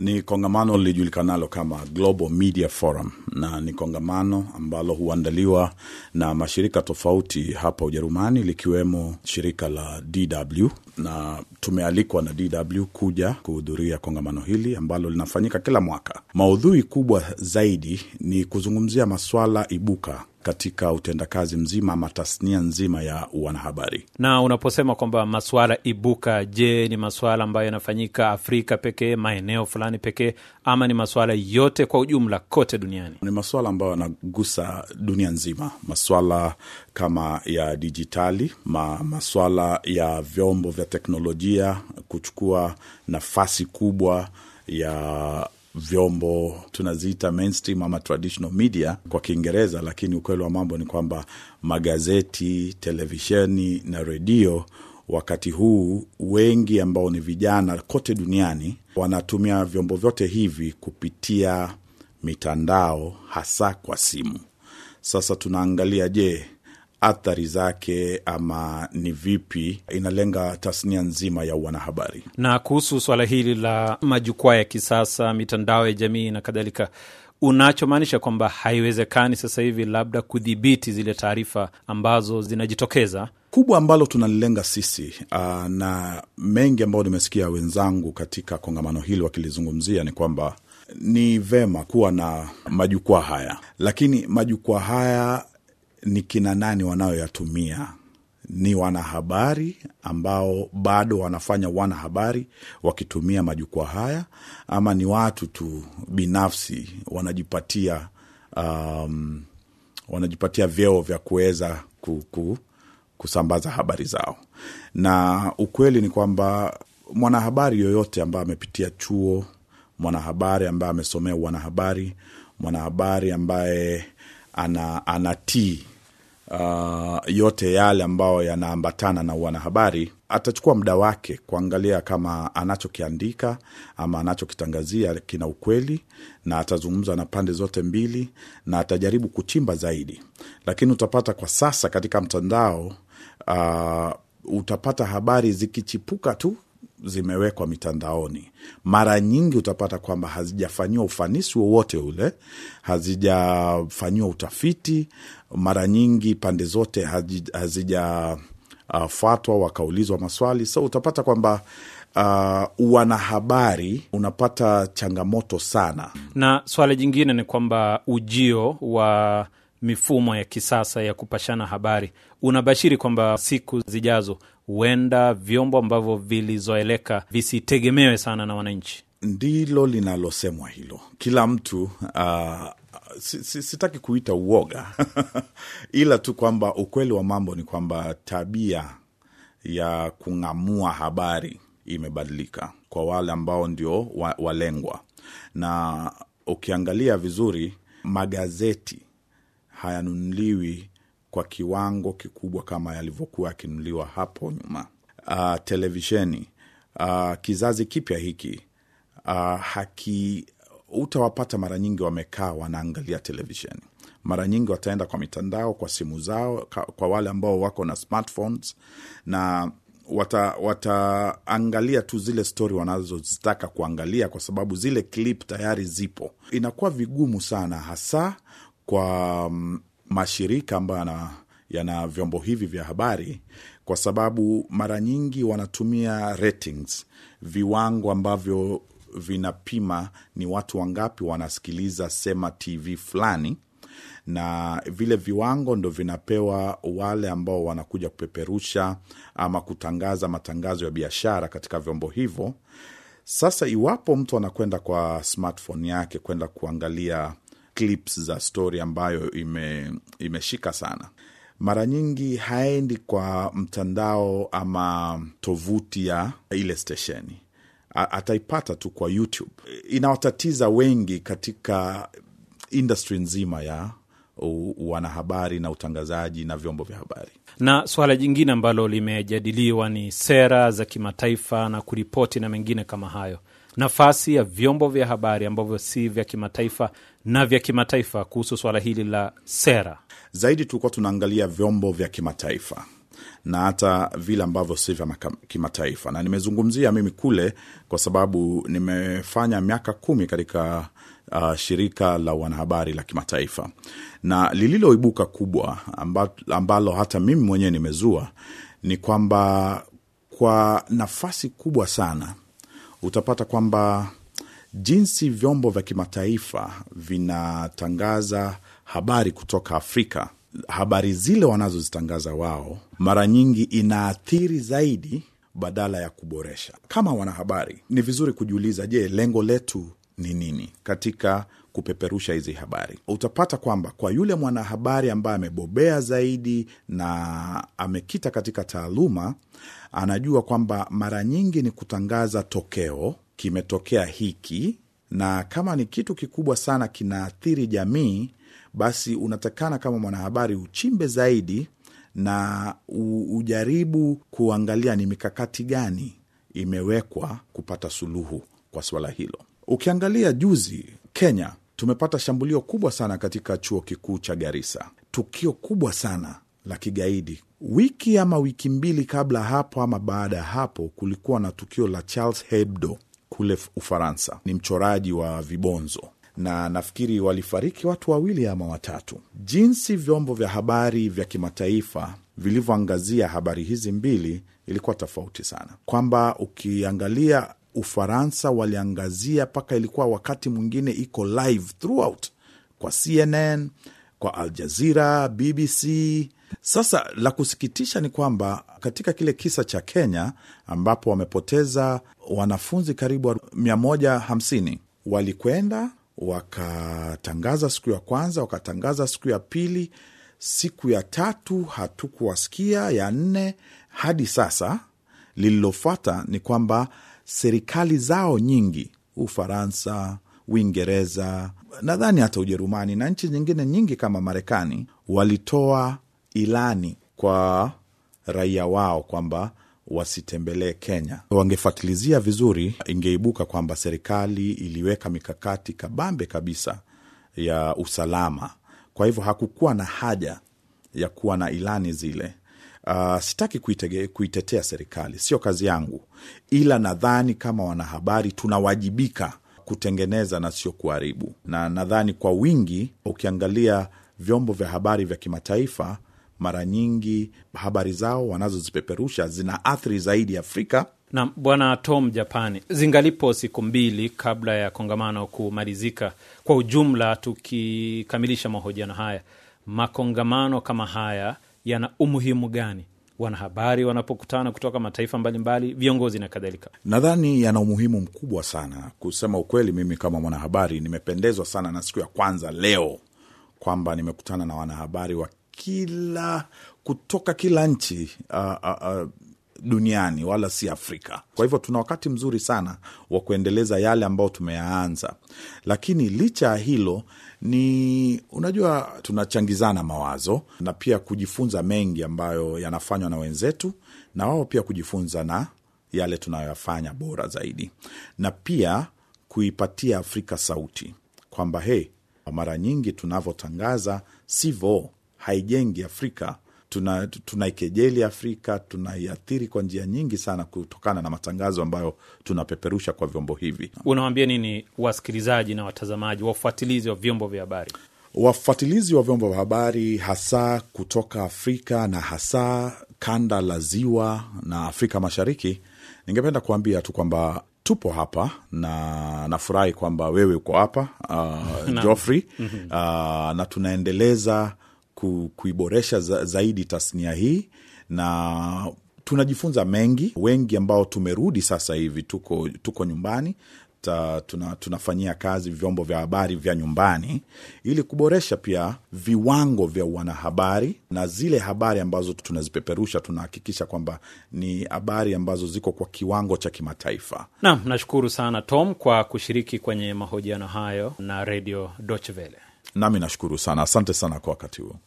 Ni kongamano lilijulikanalo kama Global Media Forum, na ni kongamano ambalo huandaliwa na mashirika tofauti hapa Ujerumani, likiwemo shirika la DW na tumealikwa na DW kuja kuhudhuria kongamano hili ambalo linafanyika kila mwaka. Maudhui kubwa zaidi ni kuzungumzia maswala ibuka katika utendakazi mzima ama tasnia nzima ya wanahabari. Na unaposema kwamba maswala ibuka, je, ni maswala ambayo yanafanyika Afrika pekee, maeneo fulani pekee, ama ni maswala yote kwa ujumla kote duniani? Ni maswala ambayo yanagusa dunia nzima, maswala kama ya dijitali ma, maswala ya vyombo vya teknolojia kuchukua nafasi kubwa ya vyombo tunaziita mainstream ama traditional media kwa Kiingereza, lakini ukweli wa mambo ni kwamba magazeti, televisheni na redio wakati huu wengi ambao ni vijana kote duniani wanatumia vyombo vyote hivi kupitia mitandao, hasa kwa simu. Sasa tunaangalia, je, athari zake ama ni vipi, inalenga tasnia nzima ya wanahabari. Na kuhusu swala hili la majukwaa ya kisasa, mitandao ya jamii na kadhalika, unachomaanisha kwamba haiwezekani sasa hivi labda kudhibiti zile taarifa ambazo zinajitokeza kubwa ambalo tunalilenga sisi uh, na mengi ambayo nimesikia wenzangu katika kongamano hili wakilizungumzia ni kwamba ni vema kuwa na majukwaa haya, lakini majukwaa haya ni kina nani wanayoyatumia? Ni wanahabari ambao bado wanafanya wanahabari wakitumia majukwaa haya, ama ni watu tu binafsi wanajipatia um, wanajipatia vyeo vya kuweza kuku, kusambaza habari zao. Na ukweli ni kwamba mwanahabari yoyote ambaye amepitia chuo, mwanahabari ambaye amesomea wanahabari, mwanahabari ambaye ana anatii uh, yote yale ambayo yanaambatana na wanahabari, atachukua muda wake kuangalia kama anachokiandika ama anachokitangazia kina ukweli, na atazungumza na pande zote mbili na atajaribu kuchimba zaidi, lakini utapata kwa sasa katika mtandao uh, utapata habari zikichipuka tu zimewekwa mitandaoni, mara nyingi utapata kwamba hazijafanyiwa ufanisi wowote ule, hazijafanyiwa utafiti, mara nyingi pande zote hazijafuatwa, uh, wakaulizwa maswali. So utapata kwamba uh, wanahabari unapata changamoto sana, na swala jingine ni kwamba ujio wa mifumo ya kisasa ya kupashana habari, unabashiri kwamba siku zijazo huenda vyombo ambavyo vilizoeleka visitegemewe sana na wananchi? Ndilo linalosemwa hilo. Kila mtu uh, sitaki kuita uoga ila tu kwamba ukweli wa mambo ni kwamba tabia ya kung'amua habari imebadilika kwa wale ambao ndio walengwa, na ukiangalia vizuri magazeti hayanunuliwi kwa kiwango kikubwa kama yalivyokuwa yakinunuliwa hapo nyuma. Uh, televisheni uh, kizazi kipya hiki uh, haki utawapata mara nyingi wamekaa wanaangalia televisheni. Mara nyingi wataenda kwa mitandao, kwa simu zao, kwa wale ambao wako na smartphones na wataangalia wata tu zile stori wanazozitaka kuangalia, kwa sababu zile klip tayari zipo. Inakuwa vigumu sana hasa kwa mm, mashirika ambayo yana, yana vyombo hivi vya habari kwa sababu mara nyingi wanatumia ratings, viwango ambavyo vinapima ni watu wangapi wanasikiliza sema TV fulani, na vile viwango ndo vinapewa wale ambao wanakuja kupeperusha ama kutangaza matangazo ya biashara katika vyombo hivyo. Sasa iwapo mtu anakwenda kwa smartphone yake kwenda kuangalia clips za stori ambayo ime, imeshika sana mara nyingi haendi kwa mtandao ama tovuti ya ile stesheni, ataipata tu kwa YouTube. Inawatatiza wengi katika industry nzima ya wanahabari na utangazaji na vyombo vya habari. Na suala jingine ambalo limejadiliwa ni sera za kimataifa na kuripoti na mengine kama hayo nafasi ya vyombo vya habari ambavyo si vya kimataifa na vya kimataifa kuhusu swala hili la sera? Zaidi tulikuwa tunaangalia vyombo vya kimataifa na hata vile ambavyo si vya kimataifa, na nimezungumzia mimi kule kwa sababu nimefanya miaka kumi katika uh, shirika la wanahabari la kimataifa, na lililoibuka kubwa ambalo, ambalo hata mimi mwenyewe nimezua ni kwamba kwa nafasi kubwa sana utapata kwamba jinsi vyombo vya kimataifa vinatangaza habari kutoka Afrika, habari zile wanazozitangaza wao mara nyingi inaathiri zaidi badala ya kuboresha. Kama wanahabari, ni vizuri kujiuliza, je, lengo letu ni nini katika kupeperusha hizi habari. Utapata kwamba kwa yule mwanahabari ambaye amebobea zaidi na amekita katika taaluma, anajua kwamba mara nyingi ni kutangaza tokeo, kimetokea hiki, na kama ni kitu kikubwa sana kinaathiri jamii, basi unatakana kama mwanahabari uchimbe zaidi na ujaribu kuangalia ni mikakati gani imewekwa kupata suluhu kwa swala hilo. Ukiangalia juzi Kenya tumepata shambulio kubwa sana katika chuo kikuu cha garisa tukio kubwa sana la kigaidi. Wiki ama wiki mbili kabla hapo ama baada ya hapo, kulikuwa na tukio la Charles Hebdo kule Ufaransa. Ni mchoraji wa vibonzo na nafikiri walifariki watu wawili ama watatu. Jinsi vyombo vya habari vya kimataifa vilivyoangazia habari hizi mbili ilikuwa tofauti sana, kwamba ukiangalia Ufaransa waliangazia mpaka ilikuwa wakati mwingine iko live throughout kwa CNN, kwa Al Jazeera, BBC. Sasa la kusikitisha ni kwamba katika kile kisa cha Kenya ambapo wamepoteza wanafunzi karibu 150 walikwenda wakatangaza siku ya kwanza, wakatangaza siku ya pili, siku ya tatu hatukuwasikia, ya nne hadi sasa. Lililofuata ni kwamba serikali zao nyingi, Ufaransa, Uingereza, nadhani hata Ujerumani na nchi nyingine nyingi kama Marekani, walitoa ilani kwa raia wao kwamba wasitembelee Kenya. Wangefuatilizia vizuri, ingeibuka kwamba serikali iliweka mikakati kabambe kabisa ya usalama. Kwa hivyo hakukuwa na haja ya kuwa na ilani zile. Uh, sitaki kuitege, kuitetea serikali, sio kazi yangu, ila nadhani kama wanahabari tunawajibika kutengeneza na sio kuharibu, na nadhani kwa wingi ukiangalia vyombo vya habari vya kimataifa mara nyingi habari zao wanazozipeperusha zina athiri zaidi Afrika. na Bwana Tom Japani, zingalipo siku mbili kabla ya kongamano kumalizika. Kwa ujumla, tukikamilisha mahojiano haya, makongamano kama haya yana umuhimu gani wanahabari wanapokutana kutoka mataifa mbalimbali mbali, viongozi na kadhalika. Nadhani yana umuhimu mkubwa sana. Kusema ukweli, mimi kama mwanahabari nimependezwa sana na siku ya kwanza leo kwamba nimekutana na wanahabari wa kila kutoka kila nchi uh, uh, uh, duniani wala si Afrika. Kwa hivyo tuna wakati mzuri sana wa kuendeleza yale ambayo tumeyaanza, lakini licha ya hilo ni unajua, tunachangizana mawazo na pia kujifunza mengi ambayo yanafanywa na wenzetu, na wao pia kujifunza na yale tunayoyafanya bora zaidi, na pia kuipatia Afrika sauti kwamba he, mara nyingi tunavyotangaza sivo haijengi Afrika tuna tunaikejeli Afrika, tunaiathiri kwa njia nyingi sana, kutokana na matangazo ambayo tunapeperusha kwa vyombo hivi. unawambia nini wasikilizaji na watazamaji, wafuatilizi wa vyombo vya habari? Wafuatilizi wa vyombo vya habari hasa kutoka Afrika na hasa kanda la ziwa na Afrika Mashariki, ningependa kuambia tu kwamba tupo hapa na nafurahi kwamba wewe uko hapa uh, Joffrey mm-hmm. uh, na tunaendeleza ku, kuiboresha za, zaidi tasnia hii na tunajifunza mengi. Wengi ambao tumerudi sasa hivi tuko, tuko nyumbani ta, tuna, tunafanyia kazi vyombo vya habari vya nyumbani ili kuboresha pia viwango vya wanahabari na zile habari ambazo tunazipeperusha, tunahakikisha kwamba ni habari ambazo ziko kwa kiwango cha kimataifa. Naam, nashukuru sana Tom kwa kushiriki kwenye mahojiano hayo na redio dochvele Nami nashukuru sana, asante sana kwa wakati huo.